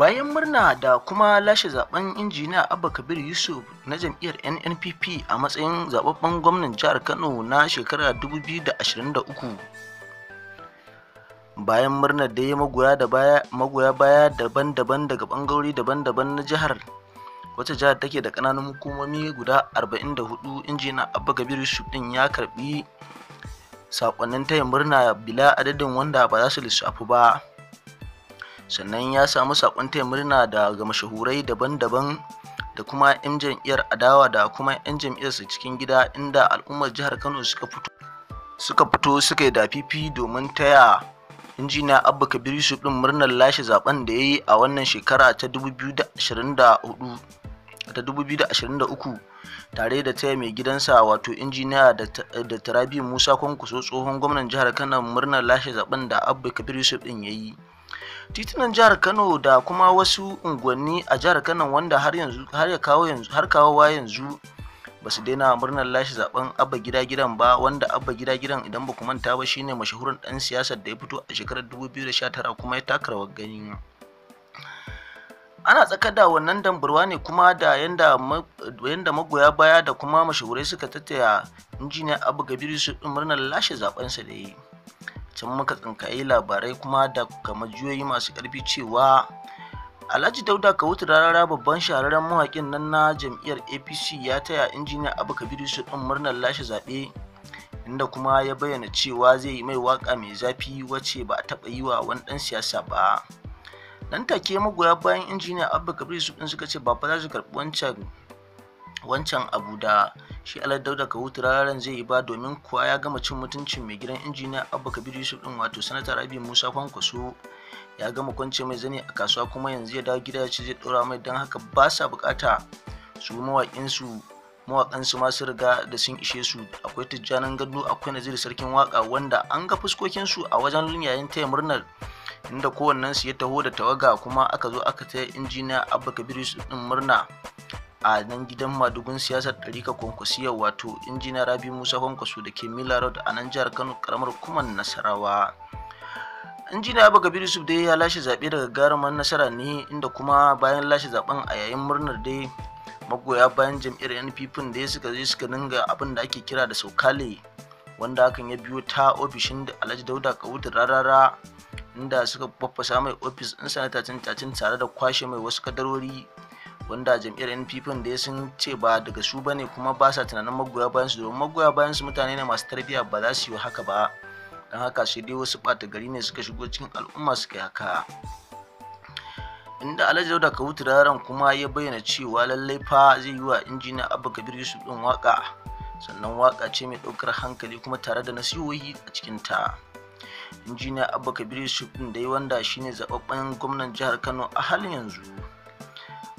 bayan murna da kuma lashe zaben injiniya abba kabir yusuf na jam'iyyar nnpp a matsayin zababben gwamnan jihar kano na shekara 2023 bayan murnar da ya magoya baya daban-daban daga bangarori daban-daban na jihar wata jihar take da kananan hukumomi guda 44 injiniya abba kabir yusuf din ya karbi sakonnin taya murna bila adadin wanda ba za su lissafi ba sannan ya samu sakon taya murna daga mashahurai daban-daban da kuma 'yan jam'iyyar adawa da kuma 'yan jam'iyyarsa cikin gida inda al'ummar jihar kano suka fito suka fito suka yi dafifi domin taya injiniya abba kabir yusuf din murnar lashe zaben da ya yi a wannan shekara ta 2023 tare da taya mai gidansa wato injiniya da tarabi musa kwankwaso tsohon gwamnan jihar kano murnar lashe zaben da abba kabir yusuf din ya yi titunan jihar kano da kuma wasu unguwanni a jihar kano wanda har yanzu har ya kawo yanzu har kawowa yanzu ba su daina murnar lashe zaben abba gida gidan ba wanda abba gida gidan idan ba ku manta ba shine mashahuran dan siyasar da ya fito a shekarar 2019 kuma ya taka rawar gani ana tsaka da wannan dambarwa ne kuma da yanda magoya baya da kuma mashahurai suka tattaya injiniya abu gabiru su murnar lashe zaben sa da yi can muka tsinkaye labarai kuma da juyoyi masu ƙarfi cewa alhaji dauda ka kawutu rarara babban shahararren mawakin nan na jam'iyyar apc ya taya injiniya abu kabiru su ɗin murnar lashe zaɓe inda kuma ya bayyana cewa zai yi mai waka mai zafi wacce ba a taɓa yi wa wani ɗan siyasa ba nan take magoya bayan injiniya abu kabiru su ɗin suka ce ba fa za su karɓi wancan wancan abu da shi da ka hutu ranar zai yi ba domin kuwa ya gama cin mutuncin mai gidan injiniya abba kabir yusuf din wato sanata rabi musa kwankwaso ya gama kwance mai zane a kasuwa kuma yanzu ya dawo gida ya ce zai dora mai don haka ba sa bukata su mawaƙinsu mawaƙansu ma sun riga da sun ishe su akwai tijjanin gado akwai naziri sarkin waka wanda an ga fuskokinsu a wajen yayin taya murnar inda kowannensu ya taho da tawaga kuma aka zo aka taya injiniya abba kabir yusuf din murna a nan gidan madugun siyasar ɗarika kwankwasiya wato injina rabi musa kwankwaso da ke mila road a nan jihar kano karamar Kuman nasarawa injina ya yusuf dai ya lashe zaɓe daga garumar nasara ne inda kuma bayan lashe zaben a yayin murnar dai magoya bayan jam'iyyar yan npp da ya suka je suka ninga abin da ake kira da saukale wanda hakan ya biyo ta ofishin da alhaji dauda kawuta rarara inda suka baffasa mai ofis ɗin sanata tacin tare da kwashe mai wasu kadarori wanda jam'iyyar npp da sun ce ba daga su ba kuma ba sa tunanin magoya bayan su domin magoya bayan su mutane ne masu tarbiyya ba za su yi haka ba don haka sai dai wasu ɓata gari ne suka shigo cikin al'umma suka yi haka inda alhaji dauda kawu Raran kuma ya bayyana cewa lallai fa zai yi wa injiniya abba kabir yusuf din waka sannan waka ce mai ɗaukar hankali kuma tare da nasihohi a cikin ta injiniya abba kabir yusuf din dai wanda shine zababben gwamnan jihar kano a halin yanzu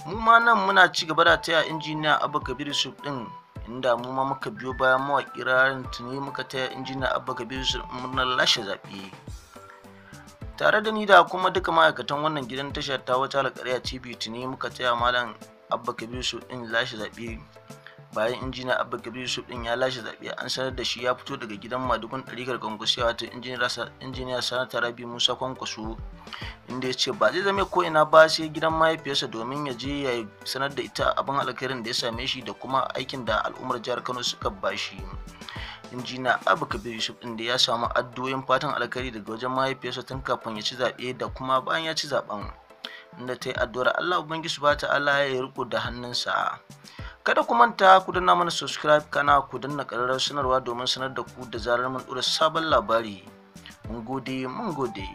mu ma nan muna ci gaba da taya injiniya abba kabir yusuf din inda mu ma muka biyo bayan mawaƙi ranar tuni muka taya injiniya abba kabir yusuf murnar lashe zaɓe tare da ni da kuma duka ma'aikatan wannan gidan tashar ta wata alƙarya tv tuni muka taya malam abba kabir yusuf din lashe zaɓe bayan injina abu kabir yusuf din ya lashe zaɓe an sanar da shi ya fito daga gidan madugun ɗarikar kwankwasiya wato injiniya sanata rabi musa kwankwaso inda ya ce ba zai zame ko ina ba sai gidan mahaifiyarsa domin ya je ya sanar da ita abin alkhairin da ya same shi da kuma aikin da al'ummar jihar kano suka bashi injina abu kabir yusuf din da ya samu addu'o'in fatan alkhairi daga wajen mahaifiyarsa tun kafin ya ci zaɓe da kuma bayan ya ci zaɓen inda ta yi addu'ar allah ubangiji subhanahu ta'ala ya riko da hannunsa kada ku manta ku danna mana subscribe kana ku danna ƙararrawar sanarwa domin sanar da ku da zarar mun ɗora sabon labari mun gode mun gode